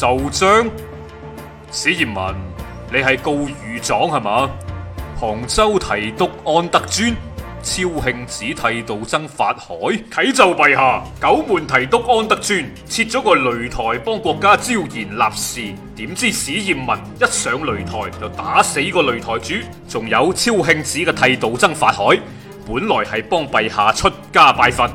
就將史艷文，你係告御狀係嘛？杭州提督安德尊、超慶寺剃度僧法海啟奏陛下：九門提督安德尊設咗個擂台幫國家招賢納士。點知史艷文一上擂台就打死個擂台主，仲有超慶寺嘅剃度僧法海，本來係幫陛下出家拜佛。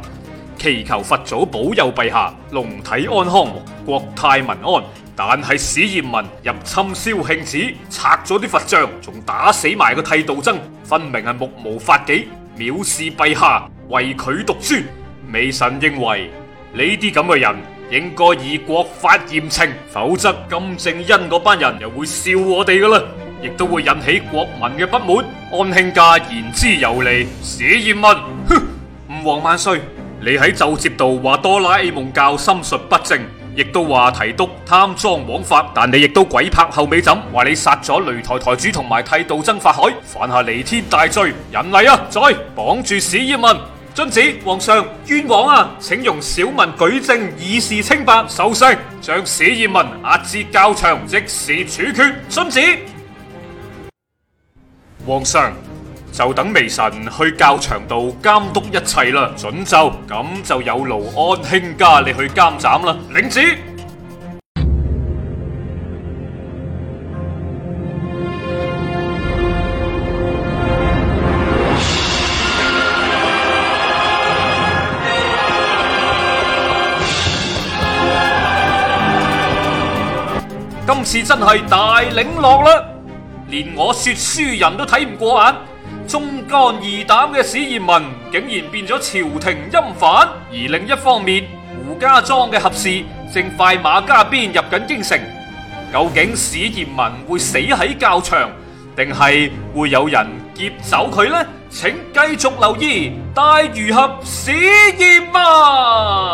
祈求佛祖保佑陛下龍體安康，國泰民安。但係史艷文入侵蕭慶寺，拆咗啲佛像，仲打死埋個剃度僧，分明係目無法紀，藐視陛下，為佢獨尊。微臣認為呢啲咁嘅人應該以國法嚴懲，否則金正恩嗰班人又會笑我哋噶啦，亦都會引起國民嘅不滿。安慶家言之有理，史艷文，哼，吾王萬歲。你喺就捷度話哆啦 A 夢教心術不正，亦都話提督貪贓枉法，但你亦都鬼拍後尾枕，話你殺咗擂台台主同埋剃度僧法海，犯下彌天大罪，人嚟啊！再綁住史艷文。遵旨。皇上冤枉啊，請容小民舉證以示清白受。首席將史艷文押至校場即時處決。遵旨，皇上。就等微臣去教場度監督一切啦，准奏。咁就有勞安卿家你去監斬啦，領旨。今次真係大領落啦，連我說書人都睇唔過眼。忠肝義膽嘅史艷文竟然變咗朝廷欽犯，而另一方面，胡家莊嘅合氏正快馬加鞭入緊京城。究竟史艷文會死喺教場，定係會有人劫走佢呢？請繼續留意大儒俠史艷文。